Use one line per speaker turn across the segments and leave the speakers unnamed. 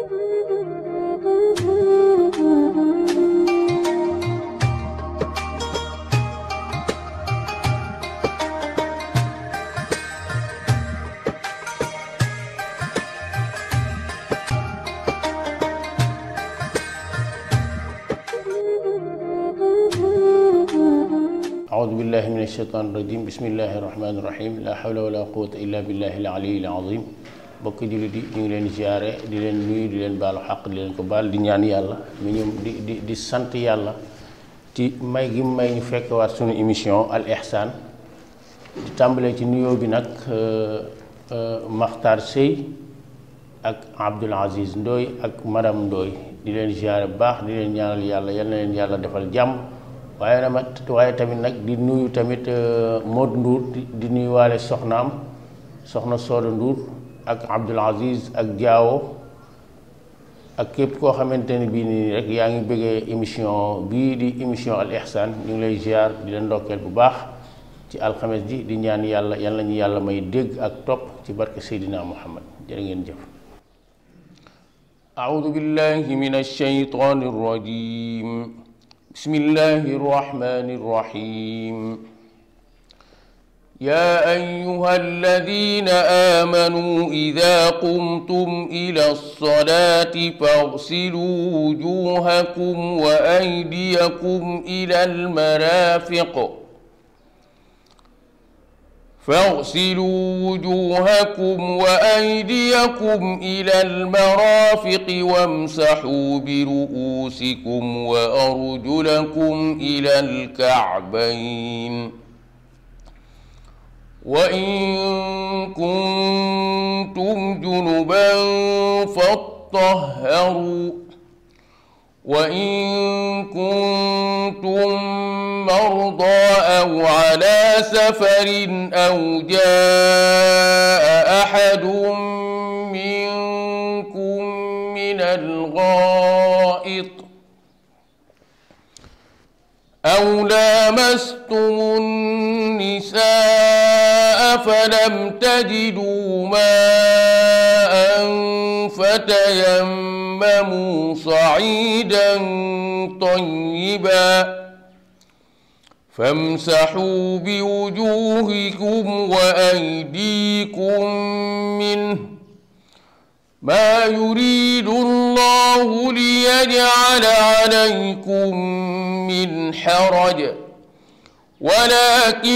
أعوذ بالله من الشيطان الرجيم بسم الله الرحمن الرحيم لا حول ولا قوة إلا بالله العلي العظيم bokk jullit yi ñu ngi leen ziare di leen nuyu di leen baalu xaq di leen ko baal di ñaan yàlla mi ñu di di sant yàlla ci may gi mu may ñu fekkewaat sunu émission al ihsan di tàmbalee ci nuyoo bi nag euh, euh, Makhtar Sey ak Abdoul Aziz Ndoy ak madame Ndoy di leen ziare bu baax di leen ñaanal yàlla yal na yàlla defal jàmm waaye tamit nag di nuyu tamit euh, Modou Ndour di nuyuwaale soxnaam soxna Sooda Ndour ak Abdoul Aziz ak Diawo ak képp koo bi ni rek yaa ngi bëggee émission bii di émission Al Ihsan ñu ngi lay ziar di la ndokkeel bu baax ci alxames ji di ñaan yàlla yal ñu yàlla may dégg ak topp ci barke sayidina Muhammad jërë ngeen jëf. أعوذ بالله من الشيطان الرجيم بسم الله الرحمن الرحيم يا ايها الذين امنوا اذا قمتم الى الصلاه فاغسلوا وجوهكم وايديكم الى المرافق فاغسلوا وجوهكم وايديكم الى المرافق وامسحوا برؤوسكم وارجلكم الى الكعبين وإن كنتم جنبا فاطهروا وإن كنتم مرضى أو على سفر أو جاء أحد منكم من الغائط أو لامستم النار فلم تجدوا ماء فتيمموا صعيدا طيبا فامسحوا بوجوهكم وأيديكم منه ما يريد الله ليجعل عليكم من حرج ولكن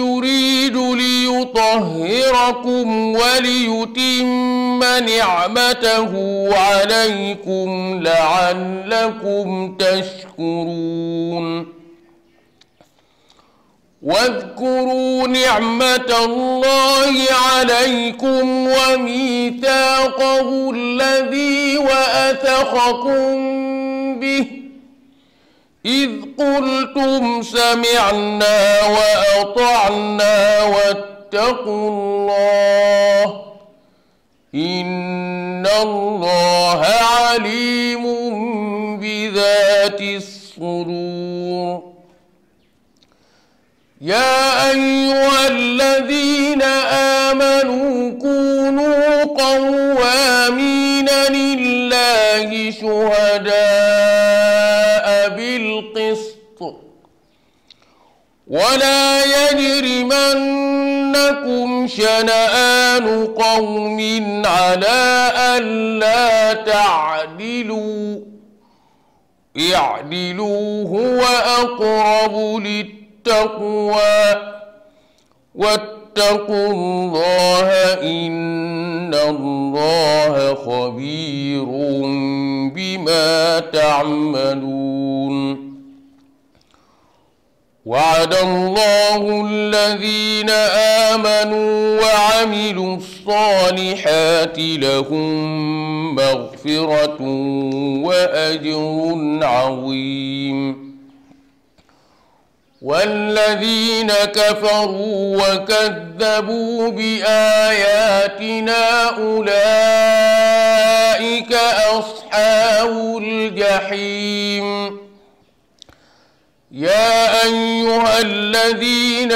يريد ليطهركم وليتم نعمته عليكم لعلكم تشكرون واذكروا نعمة الله عليكم وميثاقه الذي وأثخكم به إذ قلتم سمعنا وأطعنا واتقوا الله إن الله عليم بذات الصدور يا أيها الذين آمنوا كونوا قوامين لله شهداء ولا يجرمنكم شنآن قوم على ألا تعدلوا اعدلوا هو أقرب للتقوى واتقوا الله إن الله خبير بما تعملون وعد الله الذين آمنوا وعملوا الصالحات لهم مغفرة وأجر عظيم والذين كفروا وكذبوا بآياتنا أولئك أصحاب الجحيم أيها الذين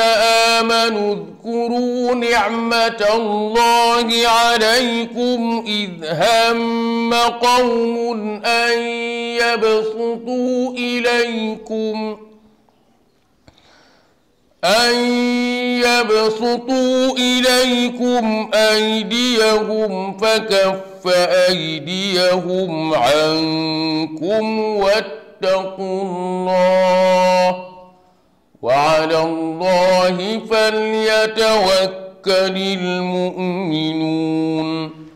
آمنوا اذكروا نعمة الله عليكم إذ هم قوم أن يبسطوا إليكم أن يبسطوا إليكم أيديهم فكف أيديهم عنكم واتقوا الله وعلى الله فليتوكل المؤمنون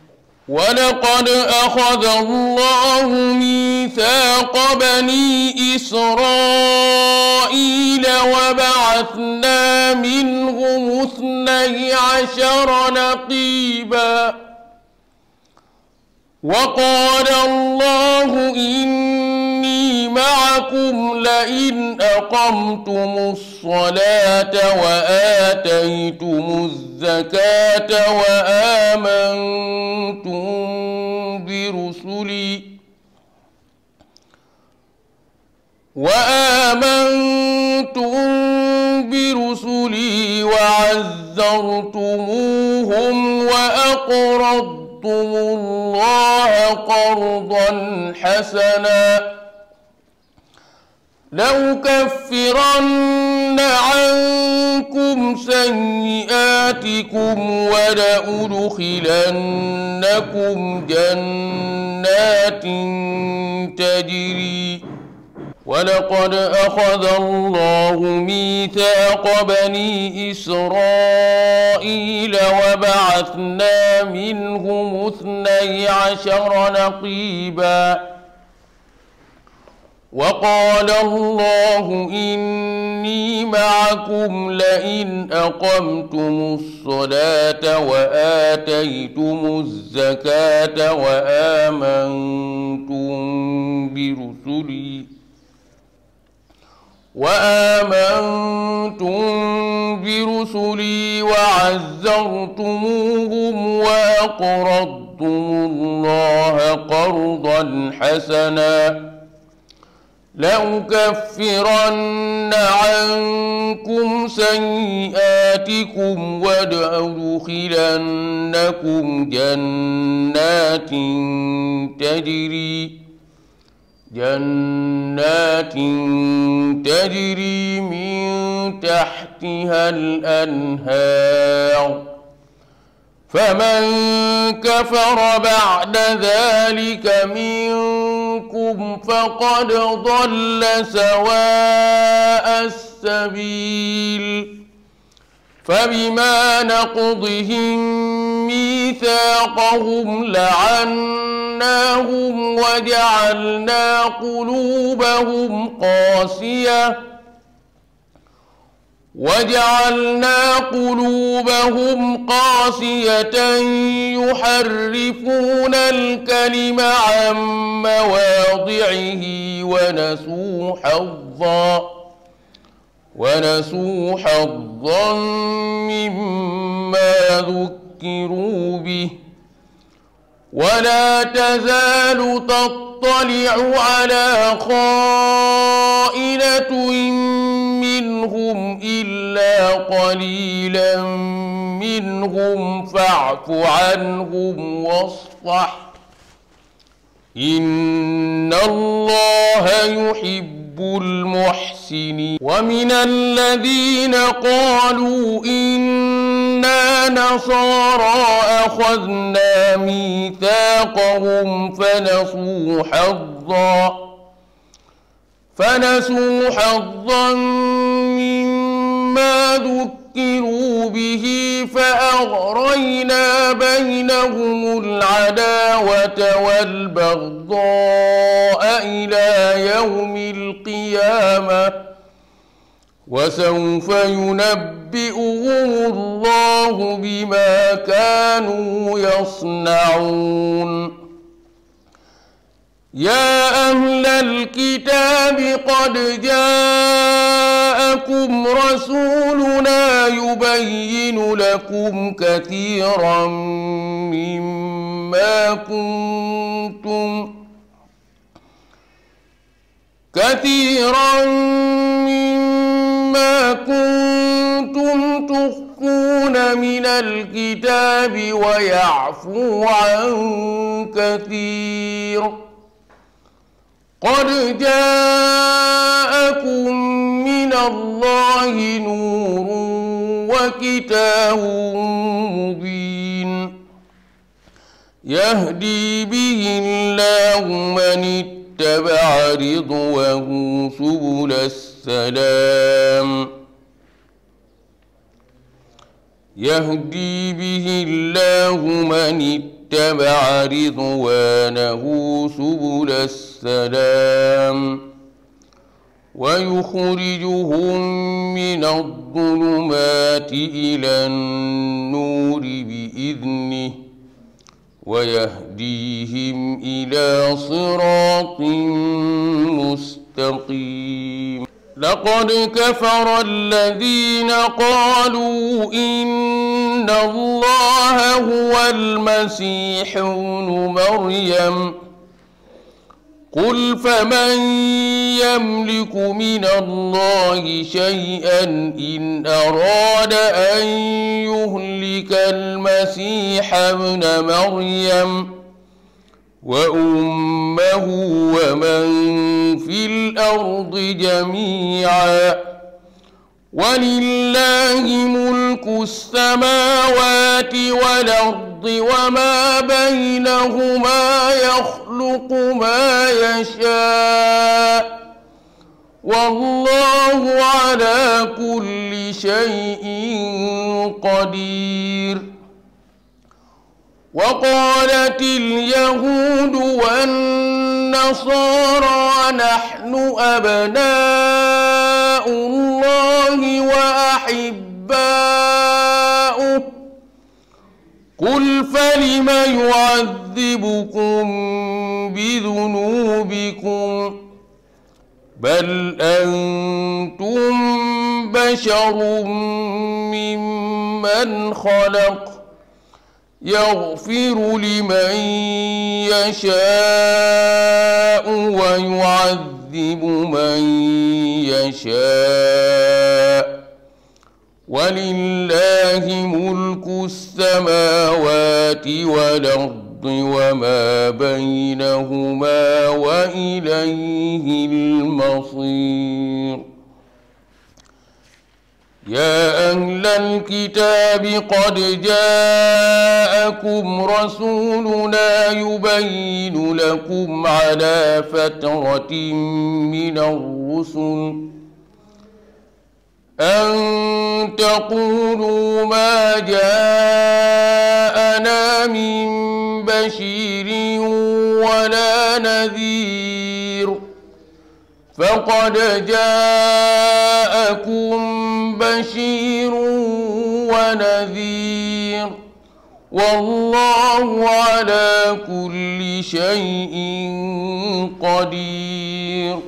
ولقد أخذ الله ميثاق بني إسرائيل وبعثنا منهم اثني عشر نقيبا وقال الله إني معكم لئن أقمتم الصلاة وآتيتم الزكاة وآمنتم برسلي وآمنتم برسلي وعذرتموهم وأقرضتم الله قرضا حسناً لأكفرن عنكم سيئاتكم ولأدخلنكم جنات تجري ولقد أخذ الله ميثاق بني إسرائيل وبعثنا منهم اثني عشر نقيباً وقال الله إني معكم لئن أقمتم الصلاة وآتيتم الزكاة وآمنتم برسلي وآمنتم برسلي وعزرتموهم وأقرضتم الله قرضا حسناً لأكفرن عنكم سيئاتكم ولأدخلنكم جنات تجري جنات تجري من تحتها الأنهار فمن كفر بعد ذلك منكم منكم فقد ضل سواء السبيل فبما نقضهم ميثاقهم لعناهم وجعلنا قلوبهم قاسيه وجعلنا قلوبهم قاسية يحرفون الكلم عن مواضعه ونسوا حظا ونسوا حظا مما ذكروا به ولا تزال تطلع على خائنة هم إلا قليلا منهم فاعف عنهم واصفح إن الله يحب المحسنين ومن الذين قالوا إنا نصارى أخذنا ميثاقهم فنصوا حظاً فنسوا حظا مما ذكروا به فأغرينا بينهم العداوة والبغضاء إلى يوم القيامة وسوف ينبئهم الله بما كانوا يصنعون يا أهل الكتاب قد جاءكم رسولنا يبين لكم كثيرا مما كنتم كثيرا مما كنتم تخفون من الكتاب ويعفو عن كثير قد جاءكم من الله نور وكتاب مبين يهدي به الله من اتبع رضوه سبل السلام يهدي به الله من اتبع اتبع رضوانه سبل السلام ويخرجهم من الظلمات إلى النور بإذنه ويهديهم إلى صراط مستقيم لقد كفر الذين قالوا إن إن الله هو المسيح ابن مريم قل فمن يملك من الله شيئا إن أراد أن يهلك المسيح ابن مريم وأمه ومن في الأرض جميعاً ولله ملك السماوات والأرض وما بينهما يخلق ما يشاء والله على كل شيء قدير وقالت اليهود والنصارى النصارى نحن أبناء الله وأحباؤه قل فلم يعذبكم بذنوبكم بل أنتم بشر ممن خلق يغفر لمن يشاء ويعذب من يشاء ولله ملك السماوات والارض وما بينهما واليه المصير يا أهل الكتاب قد جاءكم رسولنا يبين لكم على فترة من الرسل أن تقولوا ما جاءنا من بشير ولا نذير فقد جاءكم بشير ونذير والله على كل شيء قدير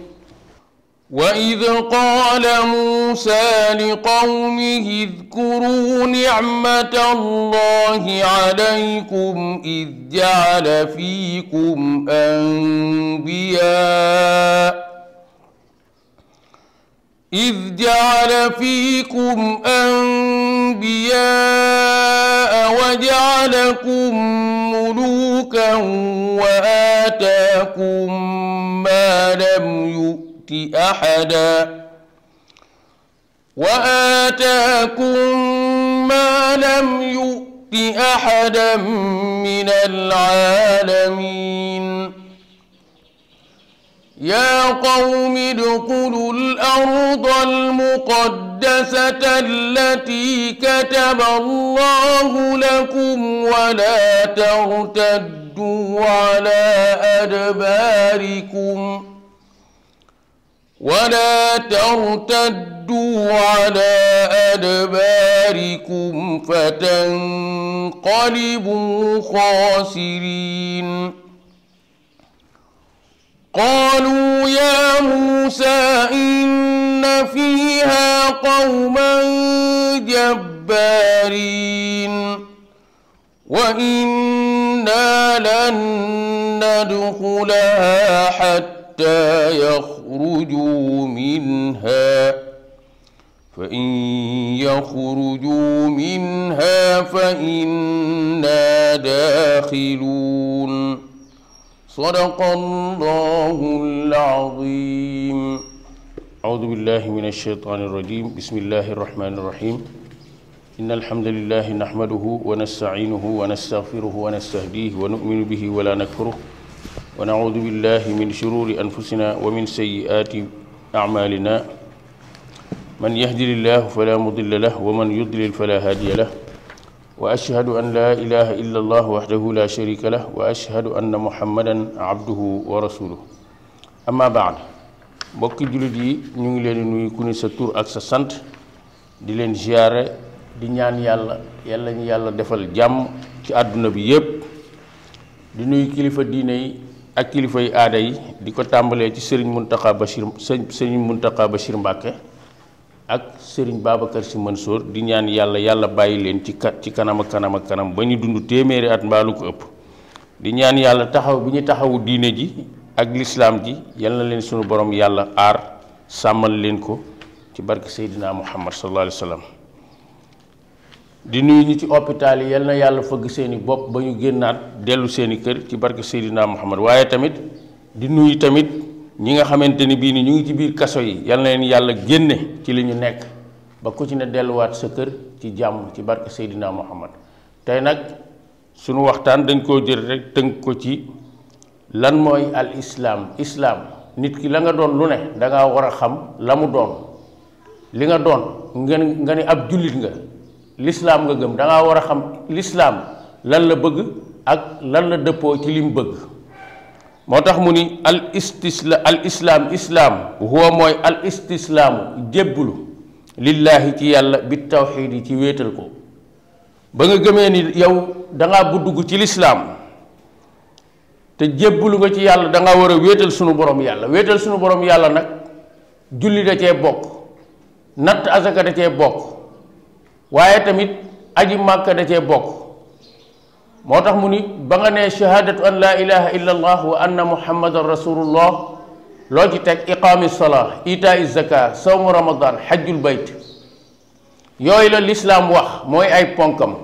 وإذ قال موسى لقومه اذكروا نعمة الله عليكم إذ جعل فيكم أنبياء إذ جعل فيكم أنبياء وجعلكم ملوكا وآتاكم ما لم يؤت أحدا وآتاكم ما لم يؤت أحدا من العالمين يا قوم ادخلوا الأرض المقدسة التي كتب الله لكم ولا ترتدوا على أدباركم ولا ترتدوا على أدباركم فتنقلبوا خاسرين قالوا يا موسى إن فيها قوما جبارين وإنا لن ندخلها حتى يخرجوا منها فإن يخرجوا منها فإنا داخلون صدق الله العظيم أعوذ بالله من الشيطان الرجيم بسم الله الرحمن الرحيم إن الحمد لله نحمده ونستعينه ونستغفره ونستهديه ونؤمن به ولا نكفره ونعوذ بالله من شرور أنفسنا ومن سيئات أعمالنا من يهدي الله فلا مضل له ومن يضلل فلا هادي له wa ashhadu an laa ilaha illa allah waxdahu la sharika lah wa ashhadu anna muhammadan abduhu wa rasuluh amma baad mbokki jullit yi ñu ngi leen di nuyu ku sa tur ak sa sant di leen ziyaare di ñaan yàlla yàlla ñu yàlla defal jàmm ci àdduna bi yépp di nuyu kilifa diine yi ak kilifa yi aada yi di ko tàmbalee ci sëriñ muntaqa bashir sëriñ muntaqa bashir mbàkke ak sëriñ Babacar Sy Mansour di ñaan yalla yalla bayi len ci ci kanam ak kanam ak kanam at mbalu ko ëpp di ñaan yalla taxaw bi ñu taxawu diine ji ak l'islam ji yalla len sunu borom yalla ar samal len ko ci barke Muhammad sallallahu alayhi wa di nuyu ñi ci hôpital yi yalla na fëgg seeni bopp ba ñu seeni kër ci barke Muhammad waaye tamit di nuyu tamit ñi nga xamante ni bii ni ñu ngi ci biir kaso yi yal na leen yàlla génne ci li ñu nekk ba ku ci ne delluwaat sa kër ci jàmm ci barke Muhammad tey nag sunu waxtaan dañ koo jël rek tënk ko ci lan mooy al Islam, Islam. nit ki la nga doon lu ne da ngaa war a xam la mu doon li nga doon ngeen nga ni ab jullit nga nga gëm da ngaa war a xam lislaam lan la bëgg ak lan la dëppoo ci lim bëgg moo tax mu ni al istisla al islaam islaam huwa mooy al istislaamu jébbulu lillaahi ci yàlla bi tawxiid yi ci wéetal ko ba nga gëmee ni yow dangaa bu dugg ci lislaam te jébbulu nga ci yàlla danga war a wéetal sunu borom yàlla wéetal sunu borom yàlla nag julli da cee bokk natt asaka da cee bokk waaye tamit aji màkka da cee bokk moo tax mu ni ba nga nee shahadatu an laa ilaha illa allah wa anna muhammadan rasulullah loo ci teg iqaami salaa itaa zaka sawmu ramadan xajjul bayt yooyu la lislaam wax mooy ay ponkam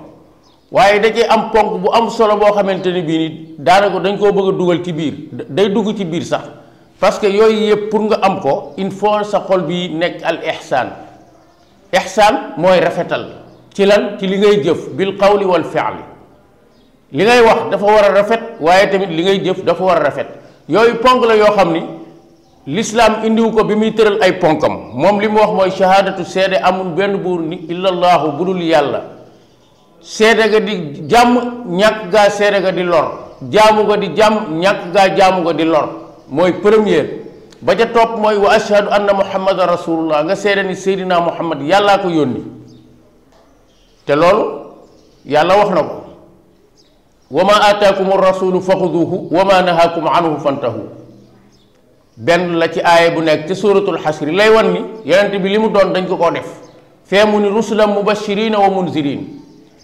waaye da am ponk bu am solo boo xamante ni bii ni daanaka dañ koo bëgg a dugal ci biir day dugg ci biir sax parce que yooyu yëpp pour nga am ko il faut sa xol bi nekk al ihsaan ihsaan mooy rafetal ci lan ci li ngay jëf bil qawli wal feel li ngay wax dafa war a rafet waaye tamit li ngay jëf dafa war a rafet yooyu ponk la yoo xam ni indi indiwu ko bi muy tëral ay ponkam moom li mu wax mooy shahadatu seede amul benn buur ni illallaahu bu dul yàlla seede ga di jàmm ñàkk gaa seede ga di lor jaamu ga di jàmm ñàkk gaa jaamu ga di lor mooy premier ba ca topp mooy wa ashhadu anna muhammadan rasulullah nga seede ni sayidina muhammad yalla ko yónni te loolu yàlla wax na wama aataakum rasulu faxuduhu wama nahaakum anhu fantahu benn la ci aaya bu nekk ci suuratul xasri lay wan ni yonent bi li mu doon dañ ko koo def fee mu ni rusulan mubashirina wa munzirin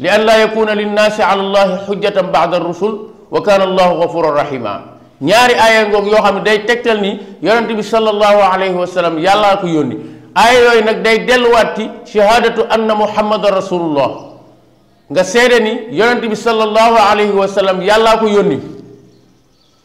li an laa yakuna linnaasi ala allahi xujjatan baada rusul wa kaana allahu gafuran rahima ñaari aaya ngoog yoo xam ne day tegtal ni yonent bi sallallahu alayhi wa sallam yàllaa ko yónni aaya yooyu nag day delluwaat ci shahaadatu anna muhammadan rasulullah nga seede ni yonent bi sallallahu alayhi wa sallam yàllaa ko yónni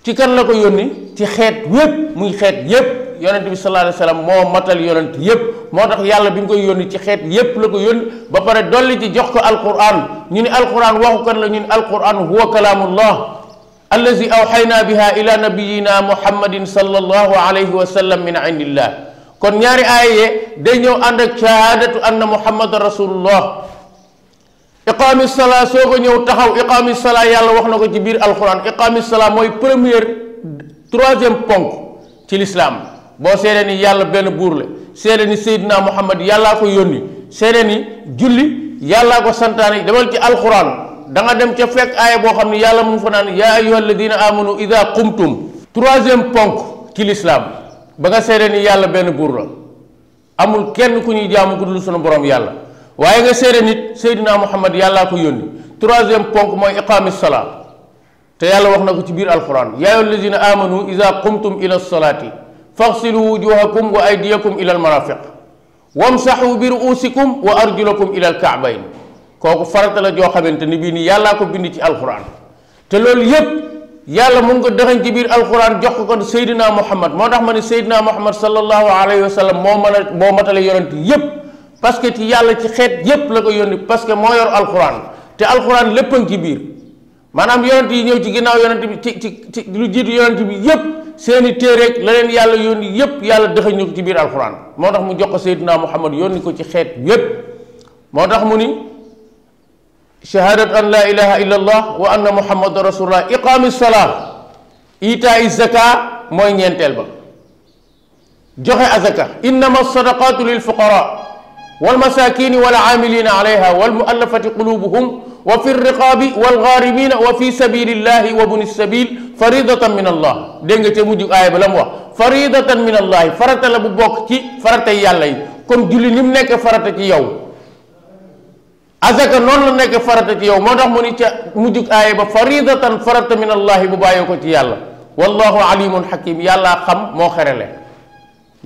ci kan la ko yónni ci xeet wépp muy xeet yépp yonent bi sallallahu alayhi wa sallam moo matal yonent yépp moo tax yàlla bi mu koy yónni ci xeet yépp la ko yónni ba pare dolli ci jox ko alquran ñu ni alquran waxu kan la ñu ni alquran huwa kalaamullah allazi awxaynaa biha ila nabiyina muhammadin sallallahu alayhi wa sallam min indillah kon ñaari aaya day ñëw ànd ak shahadatu anna muhammadan rasulullah iqaami salaa soo ko ñëw taxaw iqaami salaa yàlla wax na ko ci biir alxuraan iqaami salaa mooy première troisième ponk ci lislaam boo seede ni yàlla benn buur la seede ni Seydina Muhammad yàllaa ko yónni seede ni julli yàllaa ko santaane demal ci alxuraan da dem ca fekk aaya boo xam ni yàlla mu fa naan yaa ayyuha alladina amanu ida qumtum troisième ponk ci ba nga seede ni yàlla benn buur la amul kenn ku ñuy jaamu ku dul sunu borom yàlla waaye nga seere nit Seydina Muhammad yàllaa ko yónni troisième ponk mooy iqaami salaa te yàlla wax na ko ci biir alquran yaa ayyuha allazina amanu ida qumtum ila salaati faxsilu wujuhakum wa aydiyakum ila almarafiq wamsaxu bi ruusikum wa arjulakum ila alkaabayn kooku farata la joo xamante ni bii nii yàllaa ko bind ci alquran te loolu yépp yàlla mun ko dëxañ ci biir alquran jox ko kon Seydina Muhammad moo tax ma ne Seydina Muhammad sallallahu alayhi wa sallam moo mën a moo matale yonent yépp parce que ci yàlla ci xeet yépp la ko yónni parce que moo yor alxuraan te alxuraan lépp ci biir maanaam yonent yi ñëw ci ginnaaw yonent bi ci ci ci lu jiitu yonent bi yépp seeni téereeg la leen yàlla yónni yépp yàlla dëxañ ñu ci biir alxuraan moo tax mu jox ko Seydina Muhammad yónni ko ci xeet yépp moo tax mu ni shahadat an la ilaha illa allah wa anna muhammadan rasulullah iqaami salaa itaa zaka mooy ñeenteel ba joxe azaka innama sadaqatu lil fuqara والمساكين والعاملين عليها والمؤلفة قلوبهم وفي الرقاب والغارمين وفي سبيل الله وابن السبيل فريضة من الله دينغ تيمودي آية بلموة فريضة من الله فرت لبو بوك تي فرت يالاي كوم جولي نيم نيك يو أزاك نون نيك فرت يو مودخ موني تي آية با فريضة فرت من الله بو بايوكو والله عليم حكيم يالا خم مو خيرله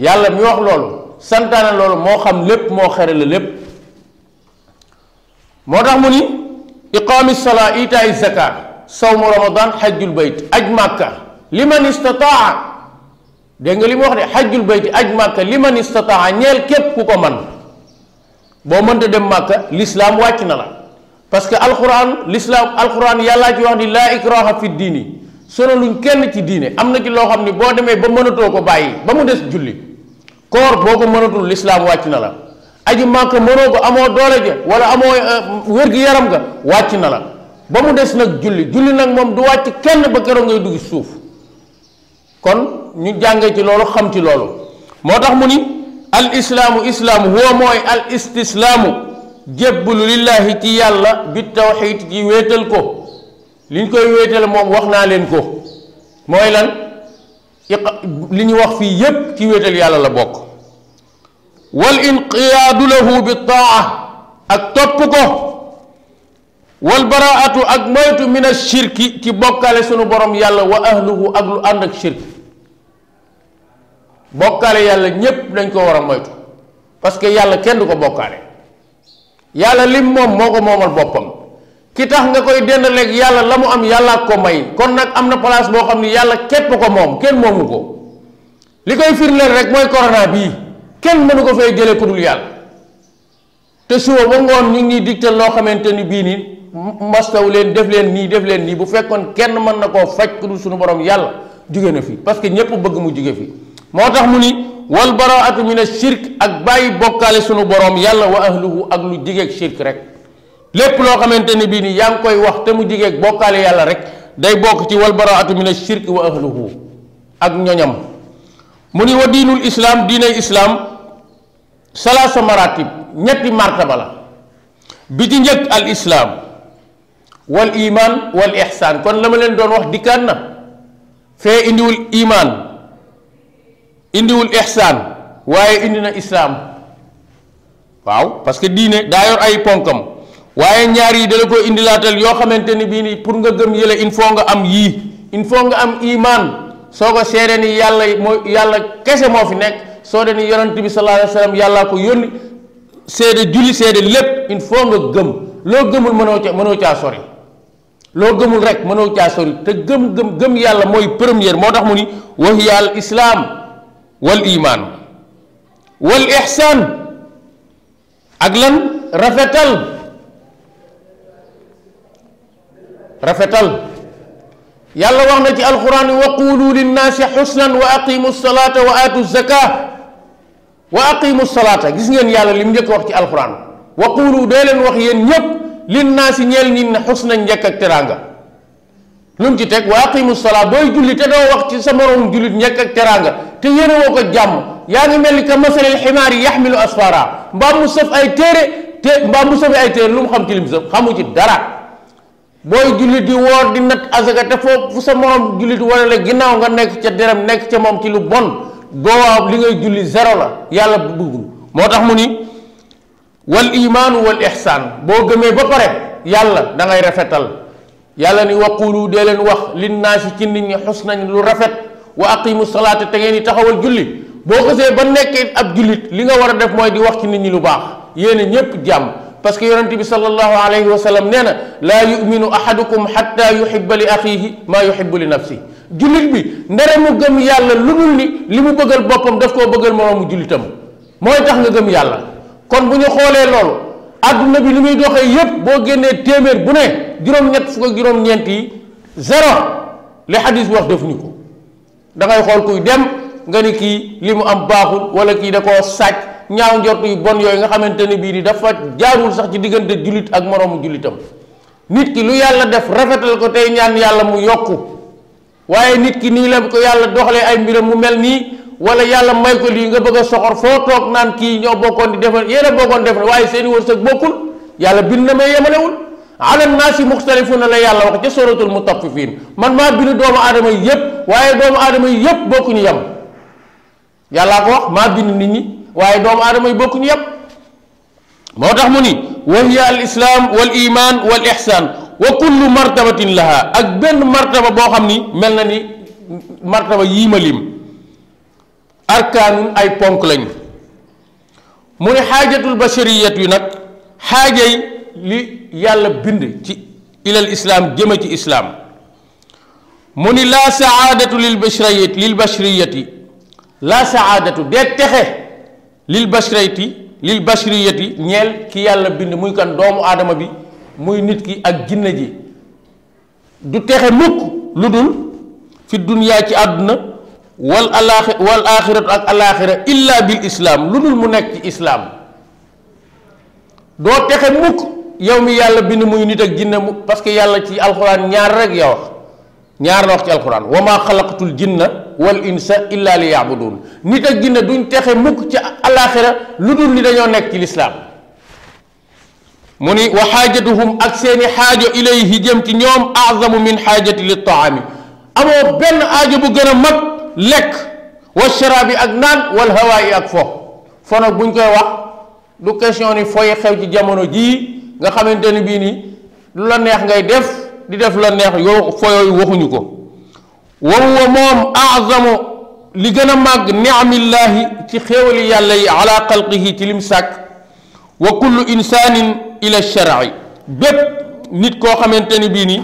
يالا ميوخ لولو santana loolu mo xam lépp mo xere le lépp motax muni iqamis ni iqaami zakat sawm ramadan hajjul bayt aj màkka liman istataa de nga lim wax de hajjul bayti aj màkka liman istataa ñel kep ku ko man bo boo de dem màkka l'islam wàcc na la parce que alquran l'islam alquran yalla ci wax ni la ikraha fi diini sonaluñ kenn ci diine am na ci loo xam ni boo demee ba mënatoo ko bàyyi ba mu des julli koor boo ko mënatul lislaam wàcc na la aji màkk mënoo amoo doole ja wala amoo eh, wér-gi-yaram ga wàcc na la ba mu des nag julli julli nag moom du wàcc kenn ba keroog ngay dugg suuf kon ñu jàngee ci loolu xam ci loolu moo tax mu ni alislaamu islaamu islaamu huwa mooy al istislaamu jébbalu lillaahi ci yàlla bi tawxiid ci wéetal ko li ñu koy wéetal moom wax naa leen ko mooy lan لنوخ في يب كي يالا لبوك والانقياد له بالطاعة اكتبكو والبراءة اكميت من الشرك كي بوكا لسنو برم يالا وأهله أغلو أنك شرك بوكا يالا نيب ننكو ورم ميتو بس كي يالا يالا لم موم موم ki tax nga koy dendal ak yalla lamu am yalla ko may kon nak amna place bo xamni ni kep ko mom ken momuko ko li rek moy corona bi ken manu ko fay gele ku dul yàlla te bo ngon ngoon ni ngi lo xamanteni bi ni mastaw len def len ni def len ni bu fekkon ken man nako fajj faj ku dul suñu borom yalla jóge na fi parce que ñepp bëgg mu jóge fi motax mu ni wal baraatu min shirk ak bay bokale sunu borom yalla wa ahluhu ak lu ak shirk rek lo xamanteni bi ni yang yang koy wax te mu ak bokale yalla rek day bok ci wal baraatu min ash-shirki wa ahluhu ak ñoñam muni wa diinul Islam, diinay Islam salasa maratib ñetti martaba la bi ci ñek al Islam, wal iman wal ihsan kon lama ma leen doon wax na iman indiwul ihsan, waye indi Islam. islaam waaw parce que dine da yor ay ponkam waaye ñaar yi dala ko indilaatal yoo xamante ni bii ni pour nga gëm yële il faut nga am yii il faut nga am imaan soo ko seede ni yàlla mooy yàlla kese moo fi nekk soo de ni yonent bi sallallahu alayhi wa sallam yàllaa ko yónni seede julli seede lépp il faut nga gëm loo gëmul mënoo ca mënoo caa sori loo gëmul rek mënoo caa sori te gëm gëm gëm yàlla mooy première moo tax mu ni wa hiya al islaam wal imaan wal ihsaan ak lan rafetal رفتال يلا وانا في القران وقولوا للناس حسنا واقيموا الصلاه واتوا الزكاه واقيموا الصلاه غيس نين يالا لي نك وخ في القران وقولوا دالين وخ يين نيب للناس نيل نين حسنا نك تيرانغا لوم تي تك واقيموا الصلاه بو جولي تي دو وخ في سمروم جولي نك تيرانغا تي يينو وكو جام ياغي ملي كمثل الحمار يحمل اسفارا بامو سوف اي تيري تي بامو سوف اي تيري لوم خام تي لوم خامو تي دارا boy julit di wor di nat azakata te foofu sa morom julit wala la ginnaaw nga nek ci deram nek ci mom ci lu bon goowaaw li ngay julli zero la yalla wal iman wal ihsan bo geume ba pare yalla da ngay rafetal yalla ni waqulu de len wax lin nasi ci nit ñi husnañ lu rafet wa aqimus salata te ngeen taxawal julli bo xese ba nekk ab julit li nga wara def moy di wax ci nit ñi lu baax yene ñepp jamm parce que yonent bi sallallahu alayhi wa sallam nee na laa yuminu ahadukum xatta yuhibba li axihi maa yuhibbu li nafsi jullit bi ndere mu gëm yàlla lu dul ni li mu bëggal boppam daf koo bëggal moroomu jullitam mooy tax nga gëm yàlla kon bu ñu xoolee loolu àdduna bi li muy doxee yépp boo génnee téeméer bu ne juróom-ñett fukk ak juróom-ñeent yi zéro li xadis bi wax def ñu ko da ngay xool kuy dem nga ni kii li mu am baaxul wala kii da koo sàcc ñaaw njort yu bon yoy nga xamanteni bi di ni dafa jaarul sax ci diggante julit ak moroomu julitam nit ki lu yalla def rafetal ko tay ñaan yalla mu yokku waye nit ki ni la ko yalla doxale ay mbiram mu mel wala yalla may ko li nga bëgg soxor fo tok naan ki ñoo bokkon di defal yéen bokkon bokkoon def waaye seeni wërsëg bokul yalla bin na may wul ala nasi mukhtalifun la yalla wax ci suratul mutaffifin man ma bin doomu adamay yi yépp waaye doomu adamay yi bokku ñu yam yalla ko wax ma bin nit waaye doomu aadama yi bokkuñu yépp moo tax mu ni wa hiya al islam wal iman wal ihsan wa kullu martabatin laha ak benn martaba boo xam ni mel na ni martaba yii arkanun ay ponk lañ mu ne xaajatul bashariyat yu nag xaajay li yàlla bind ci ilal islam jëme ci islam mu ni la saadatu lil bashariyati lil bashariyati la saadatu dee texe lil bashriyati lil bashriyati ñeel ki yàlla bind muy kan doomu aadama bi muy nit ki ak jinne ji du texe mukk lu dul fi duniyaa ci àdduna wal alaaxi wal aaxiratu ak alaaxira illaa bil islaam lu dul mu nekk ci islaam doo texe mukk yow mi yàlla bind muy nit ak jinne mu parce que yàlla ci alxuraan ñaar rek ya wax ñaar la wax ci alquran wa maa xalaqatul jinna wal insa illa li yaabudun nit ak jinne duñ texe mukk ci alaxira lu dul li dañoo nekk ci lislaam mu ni wa xaajatuhum ak seeni xaajo ilayhi jëm ci ñoom azamu min xaajati li taami amoo benn aajo bu gën a mag lekk wa sharaabi ak naan wal hawaayi ak fo fo nag buñ koy wax du question ni fooy xew ci jamono jii nga xamante ni bii ni lu la neex ngay def di def la neex yo fo yooyu waxuñu ko wa huwa mom azamu li gëna mag ni'amillahi ci xewali yàlla yi ala qalqihi ci lim sàkk wa kullu insanin ila shar'i bépp nit ko xamanteni bi ni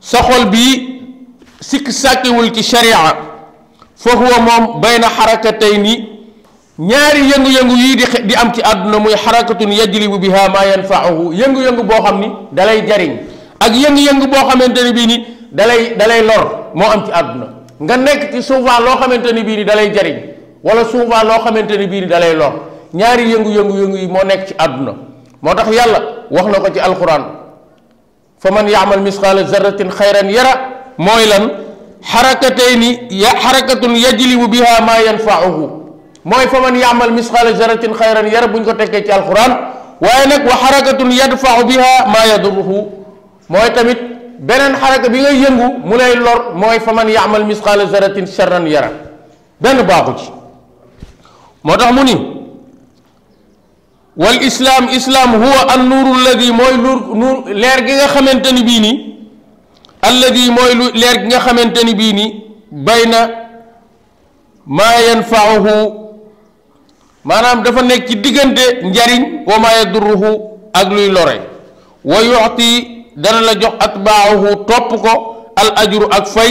sa xol bii sikk sàkkiwul ci sharia fo huwa mom bayna harakatayni ñaari yëngu-yëngu yi di di am ci aduna muy harakatun yajlibu biha ma yanfa'uhu yëngu-yëngu bo xamni dalay jariñ ak yeng yeng bo xamanteni bi ni dalay dalay lor mo am ci aduna nga nek ci souva lo xamanteni bi ni dalay jariñ wala souva lo xamanteni bi ni dalay lor ñaari yeng yeng yeng yi moo nekk ci aduna motax yalla wax nako ci alquran faman ya'mal misqala zarratin xayran yara moy lan xarakatayni ya harakatun yajlibu biha ma yanfauhu moy faman ya'mal misqala yera zarratin xayran yara buñ ko tekke ci alquran waye nak wa harakatun yadfau biha ma moy tamit benen xaraka bi ngay yëngu mu lay lor moy faman ya'mal yaamal zaratin sharran yara ben baaxu ci motax tax mu ni wal islam islam huwa an nuru alladhi moy nur leer gi nga xamanteni bi ni alladhi moy leer gi nga xamanteni bi ni bayna ma yanfa'uhu manam dafa nek ci diggante njariñ wa ma yadurruhu ak luy lore wa yuxti dana la jox atba'uhu top ko al ajru ak fay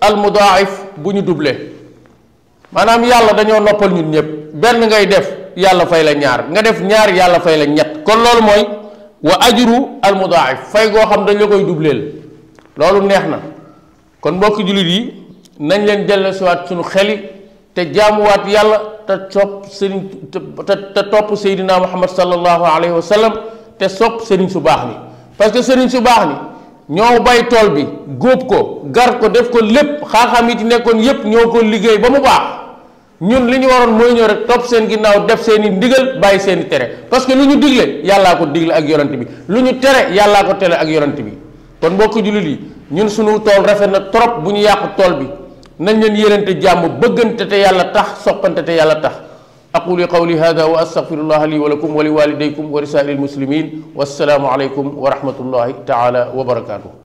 al mudha'if buñu doublé duble yalla yàlla dañoo noppal ñun ñep ben ngay def yalla fay la ñaar nga def ñaar yalla fay la ñet kon lool moy wa ajru al mudha'if fay go xam dañ la koy dubleel loolu neexna kon mbokk julit yi nañ leen jëlle siwaat suñu xeli te jamu yàlla te ta sëriñ te te topp muhammad sallallahu Alaihi Wasallam te sop serigne su parce que sëriñ su baax ni ñoo bàyyi tool bi góob ko gar ko def ko lépp xam-xam yi ci nekkoon yépp ñoo ko liggéey ba mu baax ñun li ñu waroon mooy ñëw rek topp seen ginnaaw def seen i ndigal bàyyi seen tere parce que lu ñu digle yàllaa ko digle ak yonent bi lu ñu tere yàllaa ko tere ak yorant bi kon mbokk jullit yi ñun suñu tool rafet na trop bu ñu yàqu tool bi nañ leen yéenante jàmm bëggante te yàlla tax soppante te yàlla tax أقول قولي هذا وأستغفر الله لي ولكم ولوالديكم ولسائر المسلمين والسلام عليكم ورحمة الله تعالى وبركاته